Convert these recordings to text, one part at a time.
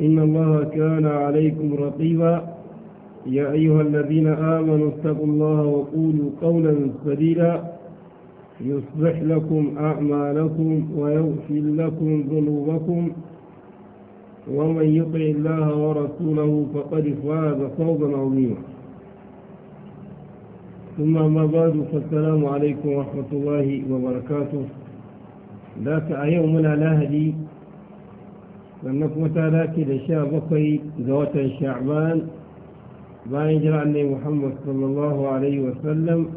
إن الله كان عليكم رقيبا يا أيها الذين آمنوا اتقوا الله وقولوا قولا سديدا يصلح لكم أعمالكم ويغفر لكم ذنوبكم ومن يطع الله ورسوله فقد فاز فوضا عظيما ثم ما بعد فالسلام عليكم ورحمة الله وبركاته ذات يومنا لهدي sannan kuma ta dace da sha bakwai ga watan sha'ban bayan jira annai muhammad sallallahu alaihi wasallam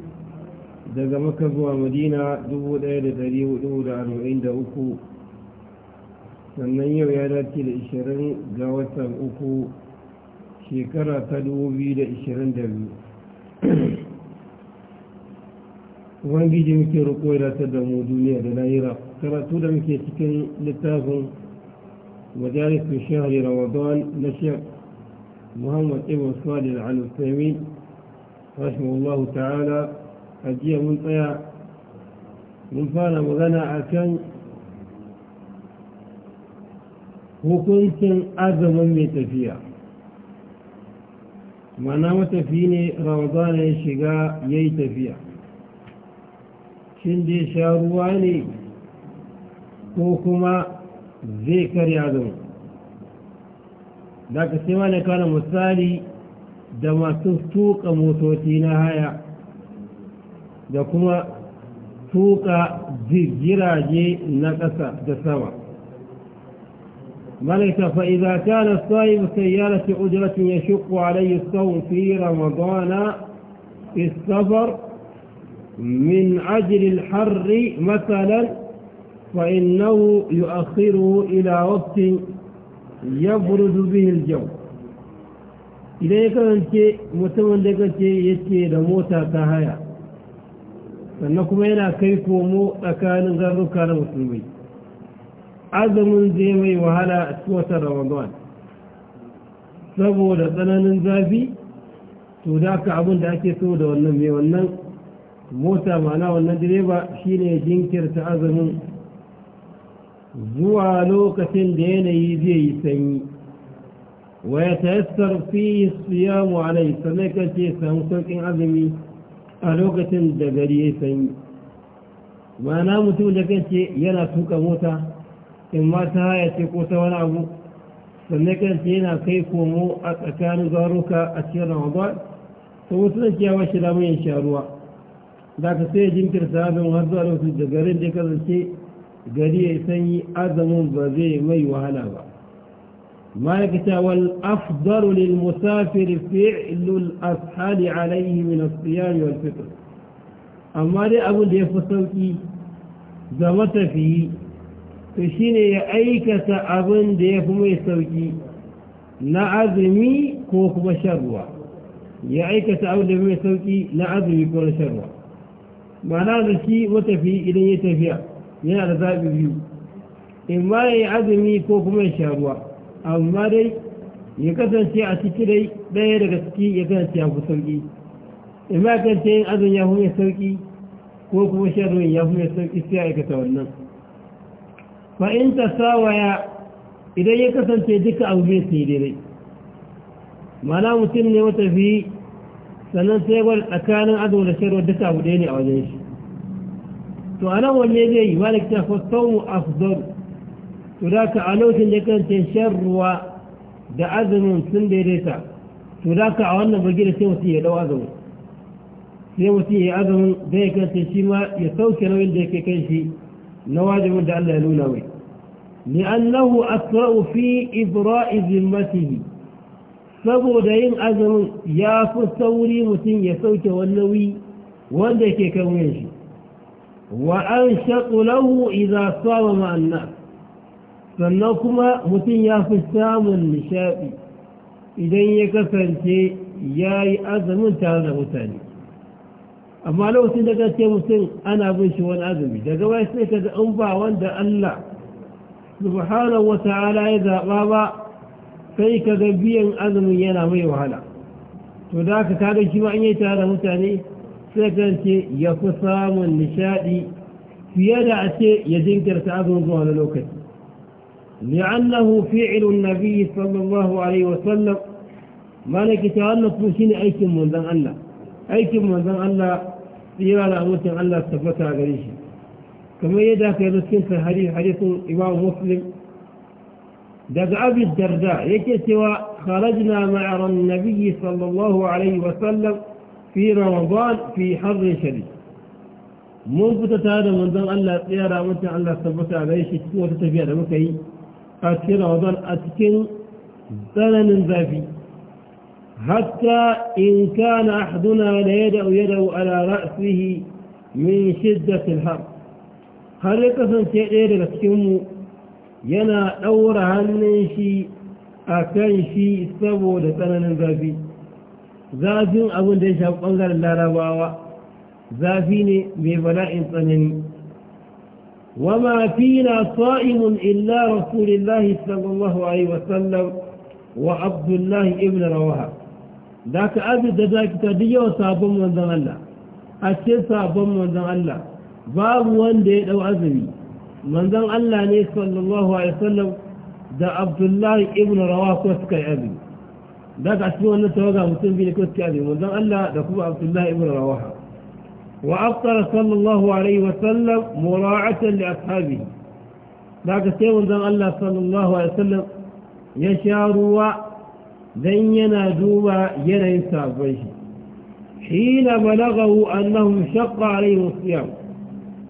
daga maka zuwa madina 1443 sannan yau ya dace da 20 ga watan uku shekara ta 2022 ubangiji muke roƙo ya datar da mu duniya da lahira karatu da muke cikin littafin وذلك في شهر رمضان نشأ محمد ابن صالح عن الثامين رحمه الله تعالى اجيه من طيع من فعل مغنى أكن وكنت أعظم من تفيا ما نمت فيني رمضان شقاء يتفيا شندي شهر واني وكما ذكر يادم ذاك السيمان كان مصالي دما توق موتوتينا هيا دكما توق ذجراجي نقصة دسامة ملك فإذا كان الصائب سيارة أجرة يشق عليه الصوم في رمضان في السفر من عجل الحر مثلا فإنه يؤخره إلى وقت يبرز به الجو idan ya kasance mutumin da kace yake da mota ta haya sannan kuma yana kai komo tsakanin zarruka na musulmai azumin zai mai wahala a cikin watan ramadan saboda tsananin zafi to da ka abin da ake so da wannan mai wannan mota mana wannan direba shine jinkirta azumin zuwa lokacin da yanayi zai yi sanyi wa ya tayassar fi siyamu alai sannan ka ce samu sauƙin azumi a lokacin da gari ya sanyi ma'ana mutum da kace yana tuka mota in ma ta haya ce ko ta wani abu sannan kace yana kai komo a tsakanin garuka a cikin ramadan to wasu da cewa shi da mai sha ruwa za ka sai jinkirta abin har zuwa lokacin da garin da ya kasance gari ya sanyi azumin ba zai mai wahala ba ma'aikata wal afdaru lil musafir fi'lul ashali alaihi min as-siyam wal fitr amma dai abin da yafi sauki ga matafiyi to shine ya aikata abin da yafi mai sauki na azumi ko kuma sharwa ya aikata abin da mai sauki na azumi ko na sharwa ma'ana da shi matafiyi idan ya tafiya yana da zaɓi biyu in ma ya yi azumi ko kuma ya sha ruwa amma dai ya kasance a ciki dai ɗaya daga ciki ya kasance ya fi sauƙi in ma kasance yin azumi ya fi mai sauƙi ko kuma sha ruwan ya fi mai sauƙi sai ya aikata wannan fa in ta sawaya idan ya kasance duka abu bai sai daidai mana mutum ne wata fi sannan sai gwal tsakanin azumi da sha duka abu ɗaya ne a wajen shi to a nan wanne zai yi malik ta fasawu afdar to da ka a lokacin da kan shan ruwa da azumin sun daidaita to da ka a wannan bagida sai mutum ya dau azumin sai mutum ya yi azumin zai kan shi ma ya sauke nauyin da yake kan shi na wajibin da Allah ya nuna mai لأنه أسرأ في إبراء ذمته saboda yin azumin ya fi sauri mutum ya sauke wallawi wanda ke kan shi وأنشط له إذا صار مع الناس sannan kuma mutum ya fi samun nishaɗi idan ya kasance ya yi azumin tare da mutane amma lokacin da kace mutum ana bin shi wani azumi daga wai sai ka ga in ba wanda Allah subhanahu wa ta'ala ya zaɓa ba sai kaga biyan azumin yana mai wahala to da haka ka ga shi ma an yi tare da mutane sai kasance ya fi samun nishaɗi fiye da a ce ya jinkirta azumin zuwa wani lokaci li'annahu fi'ilun nabi sallallahu alaihi wa sallam mana ki ta wannan kuma shine aikin manzon Allah aikin manzon Allah tsira da abokin Allah tabbata gare shi kamar yadda ka yi cikin sahari hadisin imam muslim daga abu darda yake cewa kharajna ma'a ran nabi sallallahu alaihi wa sallam في رمضان في حر شديد من فتت هذا من ذن الله تيارا متى الله سبت عليه شكو وتتفيا دمكي في رمضان أتكن ظلن ذافي حتى إن كان أحدنا ليدع يده على رأسه من شدة الحر هل يقصن شيء غير لتكمه ينا أور هنشي أكنشي سبو لتنن ذافي zafin abin da ya shafi ɓangaren larabawa zafi ne mai bala'in tsanani وما فينا صائم إلا رسول الله صلى الله عليه وسلم وعبد الله ابن رواها ذاك أبي ذاك تدي وصابم من ذن الله أشي صابم من ذن الله باب وان ديت أو أزمي من ذن الله صلى الله عليه وسلم ذا عبد الله ابن رواها كسكي أبي ذاك عثمان نتوقع مسلم بن كوت كابي وذاك ألا ذاكو عبد الله ابن رواحة وأفطر صلى الله عليه وسلم مراعة لأصحابه ذاك سيب وذاك ألا صلى الله عليه وسلم يشاروا ذينا دوبا ينين سابيه حين بلغوا أنهم شق عليهم الصيام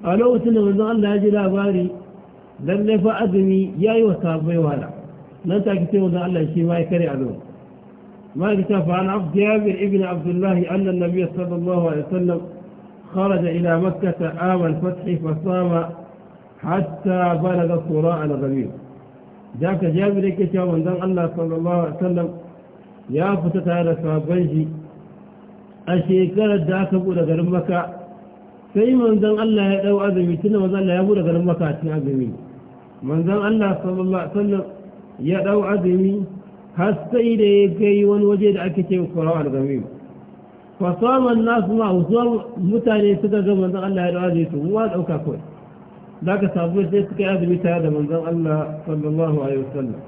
قالوا ألو سنو وذاك ألا جلا باري لن نفأدني يا يوسف بيوالا نتاكي سيب وذاك ألا شيء ما يكري عدوه ما كتاب عن عبد جابر ابن عبد الله أن النبي صلى الله عليه وسلم خرج إلى مكة عام الفتح فصام حتى بلغ صراع الغميم ذاك جابر كتاب من دم الله صلى الله عليه وسلم يا فتت على صابنجي الشيكرة ذاك أبو لغر مكة sai من دم الله dau azumi tunda manzon Allah ya bude garin maka cikin azumi manzon الله sallallahu alaihi wasallam ya dau azumi har sai da ya kai wani waje da ake ce kwarau al-gamim fa saman nasu ma zuwa mutane suka ga manzon Allah ya dawo da su ruwa dauka kawai da ka sabu sai suka yi azumi tare da manzon Allah sallallahu alaihi wasallam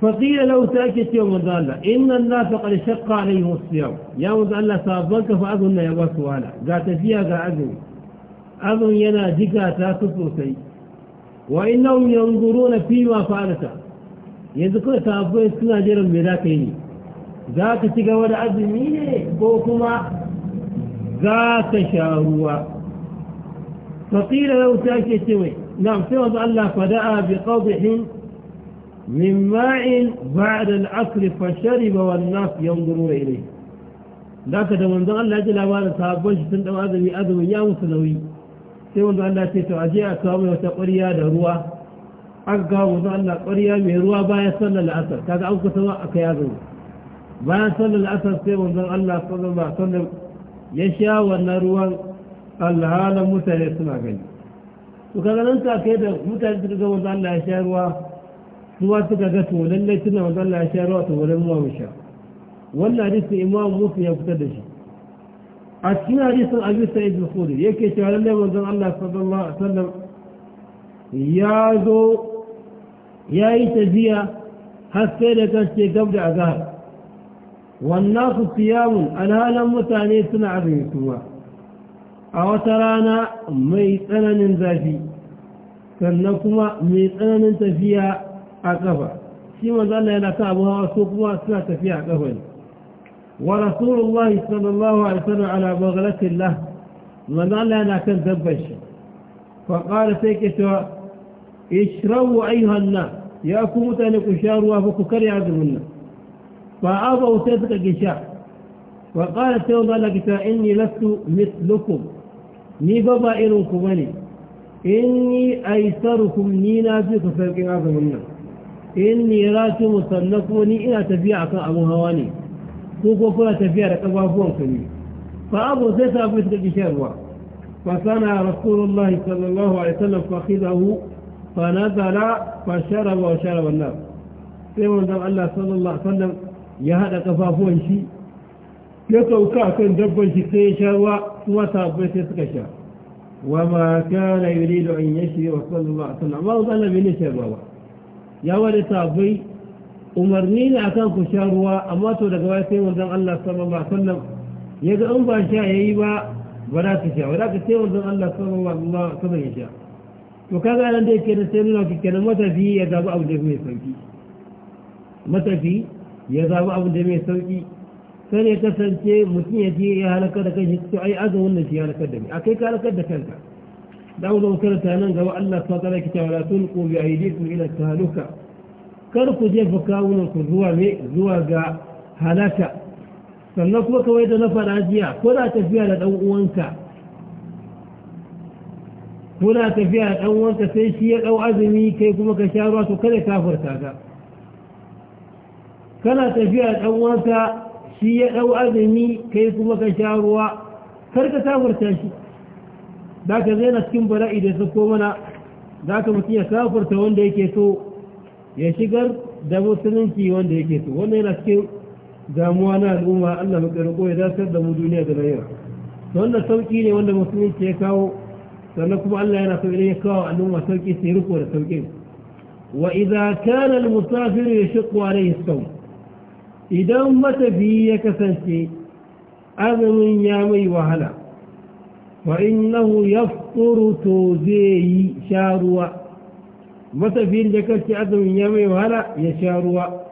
فقيل لو ساكت يوم الظالة إن الناس قد شق عليهم الصيام يا مزعلة صابنك فأظن يا بسوالا قالت فيها قاعدون أظن ينا جكا تاسسوسي وإنهم ينظرون فيما فعلت yanzu kawai sahabbai suna jiran me za ka yi za ka ci gaba da azumi ne ko kuma za ka sha ruwa faƙira yau ta ke cewa نعم سوى الله فدعا بقضح من ماء بعد العصر فشرب والناس ينظرون إليه ذاك دمان دعا الله جل وعلا صحابوش تندو أذن أذن يا مسلوي سوى الله تتعجي أكامي وتقريا دروا aka kawo manzo Allah ƙwarya mai ruwa bayan sallar la'asar kaga an kusa aka yazo bayan sallar la'asar sai manzo Allah sallallahu alaihi wasallam ya sha wannan ruwan alhalan mutane suna gani to kaga nan ta kai da mutane suka ga manzo Allah ya sha ruwa ruwa suka ga to lallai tunda manzo Allah ya sha ruwa to wurin ruwa mu sha wannan hadisin imam muslim ya fitar da shi a cikin hadisin abu sa'id al-khudri yake cewa lallai manzon Allah sallallahu alaihi wasallam ya zo ya yi tafiya har sai da kaske gab da azahar wannan su siyamun alhalan mutane suna azumi kuma a wata rana mai tsananin zafi sannan kuma mai tsananin tafiya a ƙafa shi manzana yana ta abu hawa so kuma suna tafiya a ƙafa ne wa rasulullahi sallallahu alaihi wasallam ala baghlatin lah manzana yana kan dabbar shi fa qala sai ke cewa اشربوا ايها الناس يا كوتا نكشاروا فككر يعذب الناس فابوا تلك الجشاء وقال تيوبا لك اني لست مثلكم ني بابا ايركم اني ايسركم ني نازك فرق يعذب الناس اني رات مسلكوني الى تبيع ابو هواني كوكو كلا تبيع ركبوهم كني فابوا تلك الجشاء وكان رسول الله صلى الله عليه وسلم فاخذه فنزل فشرب وشرب النار في من دم الله صلى الله عليه وسلم يهد قفافه شيء يتوقع كن دبا شيء وما وطابة تتكشى وما كان يريد أن يشري صلى الله عليه وسلم ما وضع لم ينشر بابا يا ولي صابي أمرنين أتاكو شروا أما تولك في من دم الله صلى الله عليه وسلم يدعون باشا يبا ولا تشعر ولكن في من دم الله صلى الله عليه وسلم to kaga nan dai kenan sai nuna ki kenan matafi ya zabi abu da mai sauki matafi ya zabi abu da mai sauki sai ne kasance mutum ya je ya halaka da kanshi to ai azumin nan shi halaka da ni akai ka halaka da kanka da mu zo karanta nan gaba Allah ta tsara ki tawala tun ku bi aidikum ila tahaluka kar ku je fa kawunan ku zuwa me zuwa ga halaka sannan kuma kawai da na faɗa jiya ko da tafiya da dan uwanka kuna tafiya ɗan wanka sai shi ya ɗau azumi kai kuma ka sha ruwa to kada kafirta ka kana tafiya dan wanka shi ya ɗau azumi kai kuma ka sha ruwa kar ka kafirta shi za ka zaina cikin bala'i da su ko mana za ka mutum ya kafirta wanda yake so ya shigar da musulunci wanda yake so wannan yana cikin damuwa na al'umma Allah mu karɓo ya dasar da mu duniya da lahira wannan sauki ne wanda musulunci ya kawo sannan kuma Allah yana so idan ya kawo al'umma sauki su riko da sauki wa idza kana al-musafir yashqu alayhi as-sawm idan matafi ya kasance azumin ya mai wahala wa innahu yafturu tuzi sharwa matafi da kace azumin ya mai wahala ya sharwa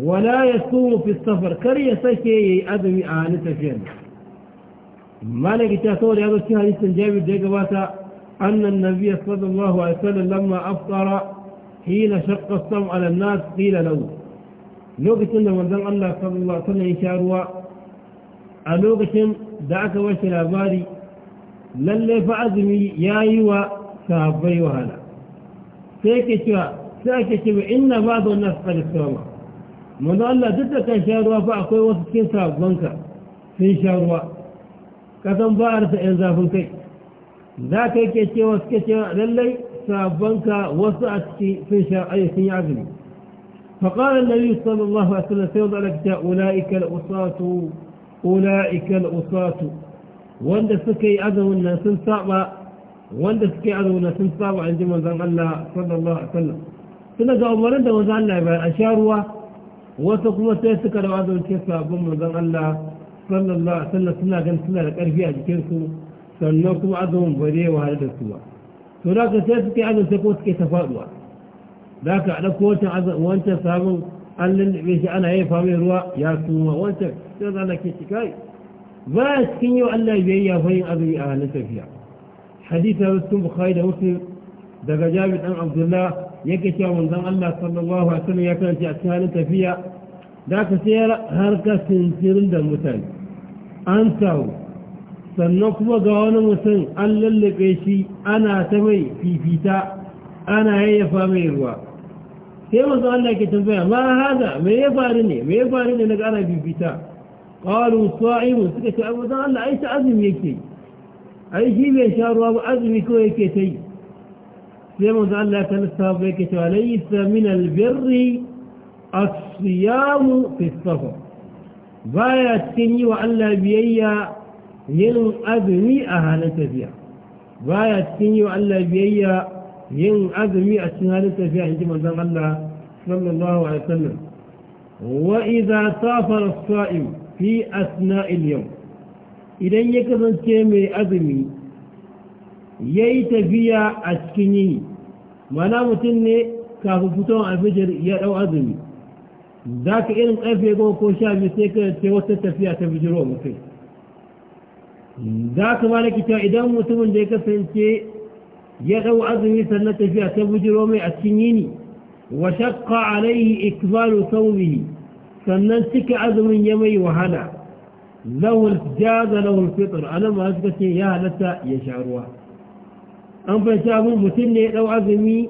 wala yasumu fi safar kar ya sake yayi azumi a halin tafiyar مالك من يتأثور هذا السنة حديث الجابر جيكباته أن النبي صلى الله عليه وسلم لما أفطر حين شق الصوم على الناس قيل له لو أنه من ذلك الله صلى الله عليه وسلم ان شاء الله الو ألوقت دعك وشل أباري للي يا يايوا سهبي وهلا سيكتوا سيكتوا إن بعض الناس قد استوى من ذلك الله جدك إنشاره فأخوي وسكين منكر ان شاء الله kasan ba a 'yan zafin kai za ka yake cewa suke cewa lallai sabonka wasu a ciki sun sha ayyukan ya azumi فقال النبي صلى الله عليه وسلم سيوضع لك أولئك الأصاة أولئك الأصاة وند سكي أذو الناس صعبة وند سكي أذو الناس صعبة عند من ذن الله صلى الله عليه وسلم سنة أولا دا وزعل الله بأشاروا وتقوم سيسك لو أذو الكسا بم ذن الله صلى الله عليه وسلم سنة كان سنة لك أرفيا جكينكو سنوكو عدهم بريه وهذا دستوا فلاك سيبك عدو سيبوت كي تفادوا لك على قوتي عدو وانت صاحبو قال لي أنا إيه فامي روا يا سوما وانت سيد أنا كي تكاي فاس كنيو ألا يبيني أفين أبي أهل سفيا حديثة بسكم بخايدة مسلم دقا جابت عن عبد الله يكشى من ذن الله صلى الله عليه وسلم يكشى أسهل سفيا ذاك سيرا هركا سنسير دا المتاني an samu sannan kuma ga wani mutum an lallaka shi ana ta mai fifita ana yayyafa mai ruwa sai masu Allah ke tambaya ma haza me ya faru ne me ya faru ne na gana fifita ƙwaru sa'imu suka ce abu zan Allah ai ta azumi yake ai shi bai sha ruwa ba azumi ko yake ta yi sai masu Allah ta lissafa yake cewa laisa min albirri asiyamu fi safar baya cikin yi wa Allah biyayya yin azumi a halin tafiya baya cikin yi wa Allah biyayya yin azumi a cikin halin tafiya in ji manzon Allah sallallahu alaihi wasallam wa idza safara as-sa'im fi asna'i al-yawm idan ya kasance mai azumi yayi tafiya a cikin yini mana mutum ne kafin fitowar alfijir ya dau azumi za ka irin ƙarfe goma ko sha biyu sai ka ce wata tafiya ta bijiro mutum za ka ma kita idan mutumin da ya kasance ya ɗau azumi sannan tafiya ta bijiro mai a cikin yini wa shakka alaihi ikbalu saumihi sannan cika azumin ya mai wahala lahul jaza lahul fitr anan ma suka ce ya halatta ya sha ruwa an fahimci abin mutum ne ya ɗau azumi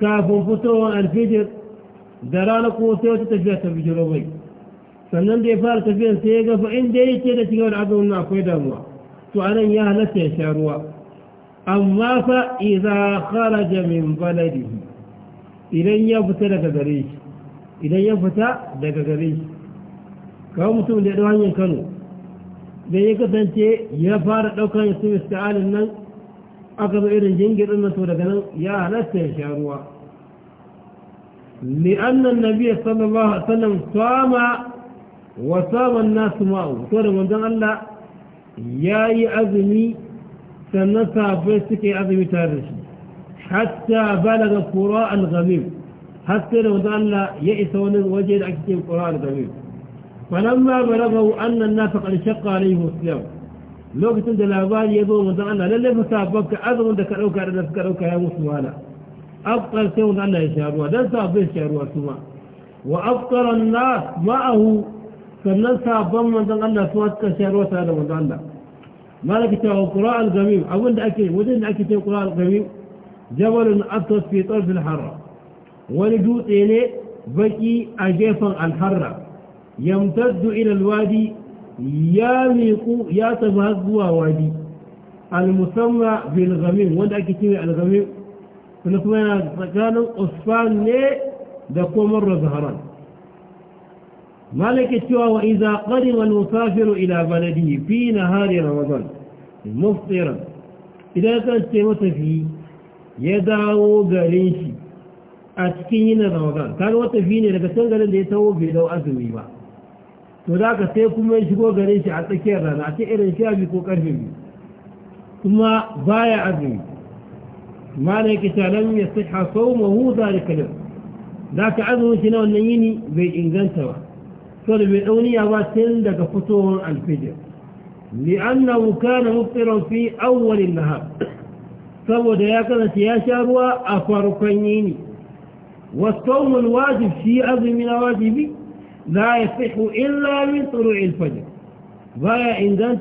kafin fitowar alfijir da rana kuma sai wata tafiya ta jiro bai sannan da ya fara tafiyar sai ya gafa inda ya ce da cigaba da azumin akwai damuwa to anan ya halatta ya sha ruwa amma fa iza kharaja min baladihi idan ya fita daga gare shi idan ya fita daga gare shi kawo mutum da ya hanyar kano da ya kasance ya fara ɗaukar ya su mista'alin nan aka zo irin jingirin na to daga nan ya halatta ya sha ruwa لأن النبي صلى الله عليه وسلم صام وصام الناس معه تورا من دان الله ياي أزمي سنسى بيسكي أزمي تارش حتى بلغ قراء الغميم حتى لو دان الله يئس وجد أكتب قراء الغميم فلما بلغوا أن الناس قد شق عليهم السلام لو كنت لابان يدور من دان الله للي فسابك أزم أذن أوكا لنفكا يا مسلم أفقر سيون أن يشعروا هذا سابه شعروا سواء وأفقر الناس معه فالناس سابه من ذلك أن سواتك شعروا سعر من ذلك ما لك تقول قراء القميم أولا أكيد ودين أكيد تقول قراء القميم جبل أطلس في طرف الحرة ولدو إليه بكي أجيفا الحرة يمتد إلى الوادي ياميقو ياتبهد هو وادي المسمى بالغميم ودأكي تقول الغميم suna kuma yana tsakanin usfan ne da kuma marra zaharan malaka cewa wa iza qadima al-musafiru ila baladihi fi nahari ramadan muftiran idan kan ce matafi ya dawo garin shi a cikin yin ramadan kaga matafi ne daga can garin da ya tawo bai dau azumi ba to da ka sai kuma ya shigo garin shi a tsakiyar rana a cikin irin sha biyu ko karfe biyu kuma baya azumi ما لك تعلم يصح صومه ذلك اليوم ذاك عذر شنا ونيني بي انزان سوا قال بيعوني واسل دك فتور الفجر لأنه كان مفطرا في أول النهار فهو دياكنا سياشا روى أفاركنيني والصوم الواجب شيء عظم من واجبي لا يصح إلا من طلوع الفجر فهي انزان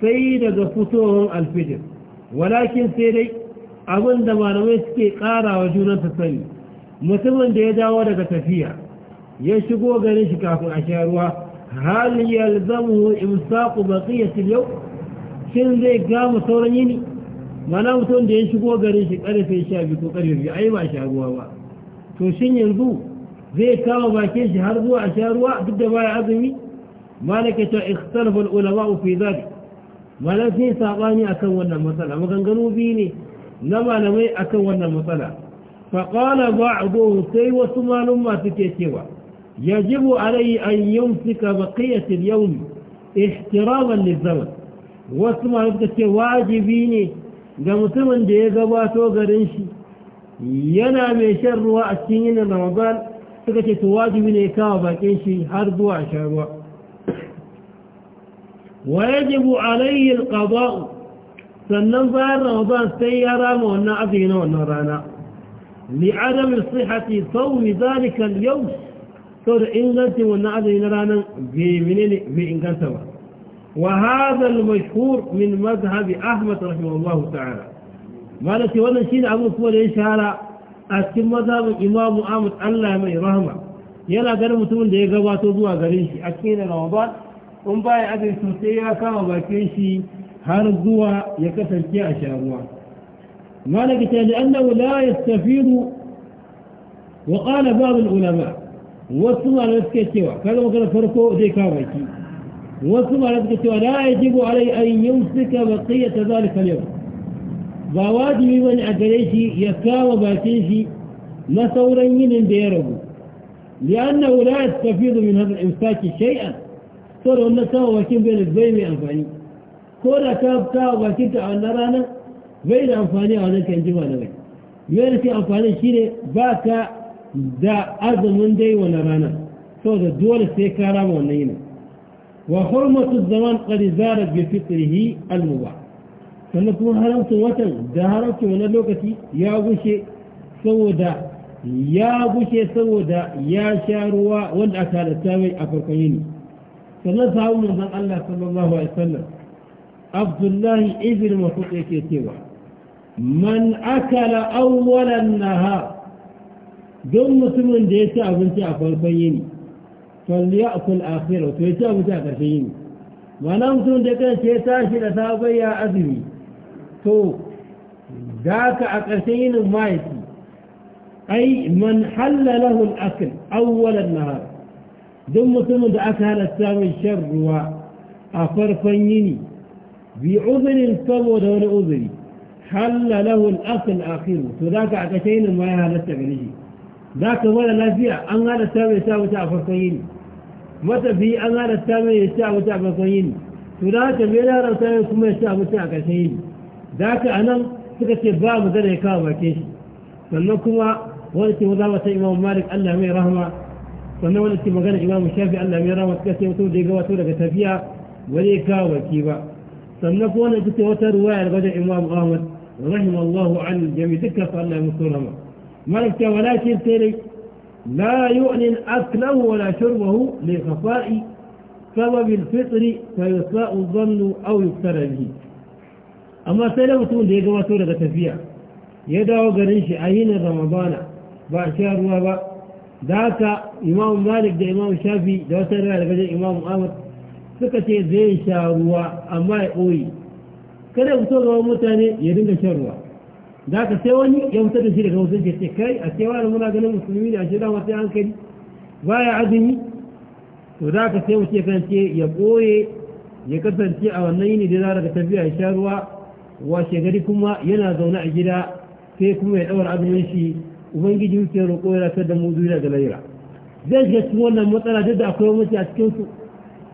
سيدك فتور الفجر ولكن سيدك abin da malamai suke ƙara wa junansa sani mutumin da ya dawo daga tafiya ya shigo garin shi kafin a sha ruwa hal yalzamu imsaqu baqiyati al-yawm shin zai gama sauran yini mana mutum da ya shigo garin shi karfe 12 ko karfe 2 ai ba sha ruwa ba to shin yanzu zai kama bakin shi har zuwa a sha ruwa duk da baya azumi malaka ta ikhtalafa al-ulama fi dhalik malan sai sabani akan wannan matsala maganganu biyu ne na malamai akan wannan matsala faƙala ba'du sai wasu malumma suke cewa yajibu alayhi an yumsika baqiyat al-yawm ihtiraman lizaman wasu malumma suke wajibi ne ga mutumin da ya gabato garin shi yana mai shan ruwa a cikin yin ramadan suka ce to wajibi ne kawo bakin shi har zuwa shan ruwa wa yajibu alayhi al-qada'u سنن فهر رمضان سيارا مونا عبينا ونورانا لعدم الصحة صوم ذلك اليوم صور إنغانت مونا عبينا رانا بمنين بإنغانت وهذا المشهور من مذهب أحمد رحمه الله تعالى مالك وانا شين عبو سمال إشهارا أتم مذهب إمام آمد الله من يلا قرم تقول لي قواتو دوا قرينشي أكين رمضان أم باي أدري سوتيا كما باكينشي har zuwa ya kasance a sha ruwa malaka ta li'annahu la yastafiru wa qala ba'd al-ulama wasu malamai suke cewa kaga magana farko zai kawo baki wasu malamai suke cewa la yajibu alai an yumsika baqiyata zalika al-yawm ba wajibi bane a gare shi ya kawo bakin shi na sauran yinin da ya rabu لأنه لا يستفيد من هذا الإمساك شيئا صار أن سوى وكين بين البين أنفعني ko da ta ta bakin ta a wannan rana bai da amfani a wajen kan jima na bai yana ce amfani shine ba ka da azumin dai wannan rana saboda dole sai ka rama wannan yinin wa hurmatu zaman qad zarat bi fitrihi al mubah sannan kuma haramcin watan da haramcin wani lokaci ya gushe saboda ya gushe saboda ya sha ruwa wanda aka halatta mai a farkon yini sannan sahabu manzon Allah sallallahu alaihi wasallam عبد الله ابن مفتك يتوى من أكل أول النهار دون مسلم ديسا أبنتي أفضل بيني فليأكل آخر وتويسا أبنتي أفضل بيني وانا مسلم ديسا شيسا شيلا ثابي يا أبي تو ذاك أقرسين ما يتي أي من حل له الأكل أول النهار دون مسلم أكل الثاني الشر وأفضل بعذر سبو دون عذر حل له الأصل الأخير فذاك عكتين ما يهالت غنيه ذاك ولا لا فيها أن هذا السامي يساوي تعفقين متى في أن هذا السامي يساوي تعفقين فذاك بلا رسائل كما يساوي تعفقين ذاك أنا سكت باب ذلك كاما كيش فلنكما ولت مضاوة إمام مالك الله مي رحمه فلن wani ce إمام الشافي الله مي رحمه rama suka ce mutum da ya gabato daga سنفون بتوتر وائل غدا إمام غامد رحم الله عن جميع ذكر صلى الله ملك ولكن ترك لا يؤلن أكله ولا شربه لخفاء سبب الفطر فيساء الظن أو يكتر به أما سلوتون دي قوة سورة تفيع يدعو قرنش أين رمضان بعشار وابا ذاك إمام مالك دا إمام شافي دا وسر لقد إمام آمد suka ce zai sha ruwa amma ya ɓoye kada ya fito gaban mutane ya dinga shan ruwa za ka sai wani ya fito da shi daga wasu ce ce kai a cewa da muna ganin musulmi ne a shi dama sai Ba ya azumi to za ka sai wuce kan ya ɓoye ya kasance a wannan yini da zara ka tafiya ya sha ruwa washe gari kuma yana zaune a gida sai kuma ya ɗaura azumin shi ubangiji wuce roƙo ya rasar da mu zuwa ga laira zai shiga cikin wannan matsala duk da akwai mace a cikinsu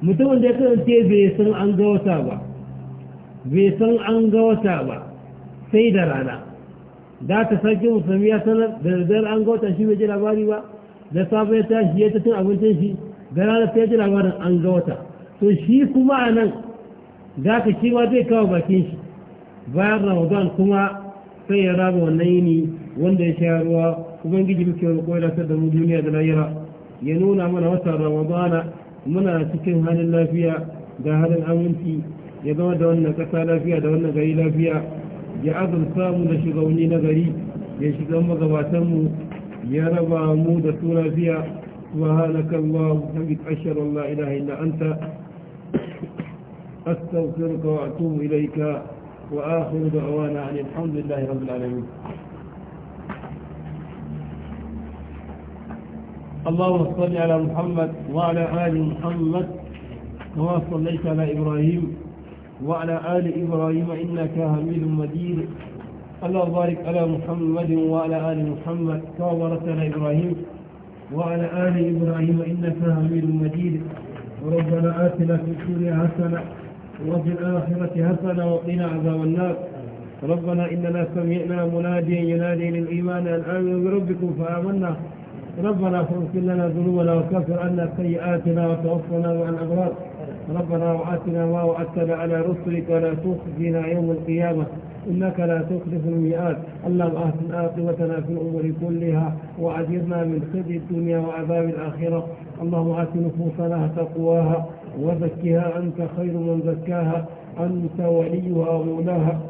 mutumin da ya kasance bai san an ga wata ba bai san an ga wata ba sai da rana da ta sarki musulmi ya sanar da daddare an ga wata shi bai ji labari ba da safe ya tashi ya tafi abincin shi da rana sai ji labarin an ga wata to shi kuma a nan za ka shi ma zai kawo bakin shi bayan ramadan kuma sai ya raba wannan yini wanda ya sha ruwa ubangiji muke roƙo ya da mu duniya da lahira ya nuna mana watan ramadana muna cikin halin lafiya da halin aminci ya zama da wannan ƙasa lafiya da wannan gari lafiya ya azurta mu da shugabanni na gari ya shiga magabatanmu ya raba mu da su lafiya subhanaka allahumma hamdik ashhadu an la ilaha illa anta astaghfiruka wa atubu وآخر دعوانا akhiru الحمد لله رب العالمين اللهم صل على محمد وعلى آل محمد كما صليت على إبراهيم وعلى آل إبراهيم إنك حميد مجيد اللهم بارك على محمد وعلى آل محمد كما باركت على إبراهيم وعلى آل إبراهيم إنك حميد مجيد ربنا آتنا في الدنيا حسنة وفي الآخرة حسنة وقنا عذاب النار ربنا إننا سمعنا مناديا ينادي للإيمان أن آمنوا بربكم فآمنا ربنا فاغفر لنا ذنوبنا وكفر عنا سيئاتنا وتوفنا مع الأبرار ربنا وآتنا ما وعدتنا على رسلك ولا تخزينا يوم القيامة إنك لا تخلف المئات اللهم أهتم عاقبتنا في الأمور كلها وعذرنا من خزي الدنيا وعذاب الآخرة اللهم آت نفوسنا تقواها وزكها أنت خير من زكاها أنت وليها ومولاها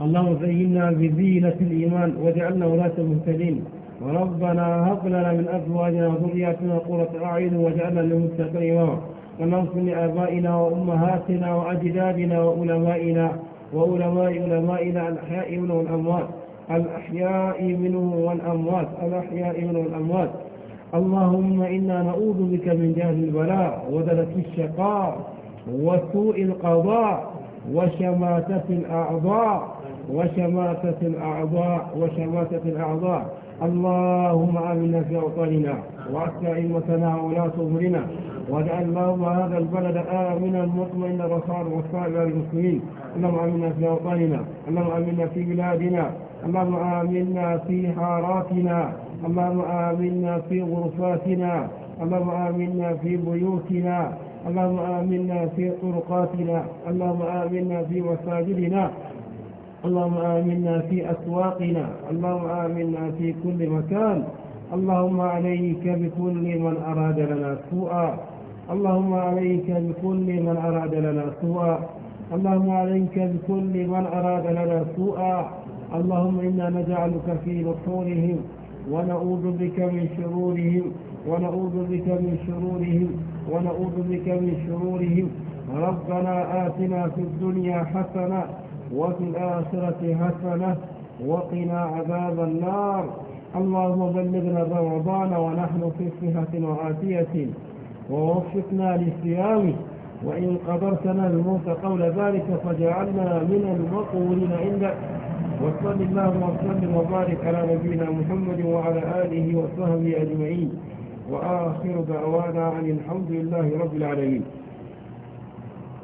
اللهم زينا بزينة الإيمان واجعلنا ولاة المهتدين وربنا هب لنا من أزواجنا وذرياتنا قرة أعين واجعلنا للمتقين إماما اللهم لآبائنا وأمهاتنا وأجدادنا وعلمائنا وعلماء علمائنا الأحياء منهم والأموات الأحياء منهم والأموات الأحياء منهم والأموات اللهم إنا نعوذ بك من جهل البلاء ودلك الشقاء وسوء القضاء وشماتة الأعضاء وشماتة الأعضاء وشماتة الأعضاء اللهم آمنا في أوطاننا وأسع وسنا ولا أمرنا واجعل اللهم هذا البلد آمنا مطمئنا رصار وصائب المسلمين اللهم آمنا في أوطاننا اللهم آمنا في بلادنا اللهم آمنا في حاراتنا اللهم آمنا في غرفاتنا اللهم آمنا في بيوتنا اللهم آمنا في طرقاتنا اللهم آمنا في مساجدنا اللهم آمنا في أسواقنا اللهم آمنا في كل مكان اللهم عليك بكل من أراد لنا سوءا اللهم عليك بكل من أراد لنا سوءا اللهم عليك بكل من أراد لنا سوءا اللهم إنا نجعلك في بطونهم ونعوذ بك من شرورهم ونعوذ بك من شرورهم ونعوذ بك من شرورهم ربنا آتنا في الدنيا حسنة وفي الآخرة حسنة وقنا عذاب النار اللهم بلغنا رمضان ونحن في صحة وعافية ووفقنا لصيامه وإن قدرتنا الموت قول ذلك فجعلنا من المقولين عندك وصل اللهم وسلم وبارك على نبينا محمد وعلى آله وصحبه أجمعين وآخر دعوانا عن الحمد لله رب العالمين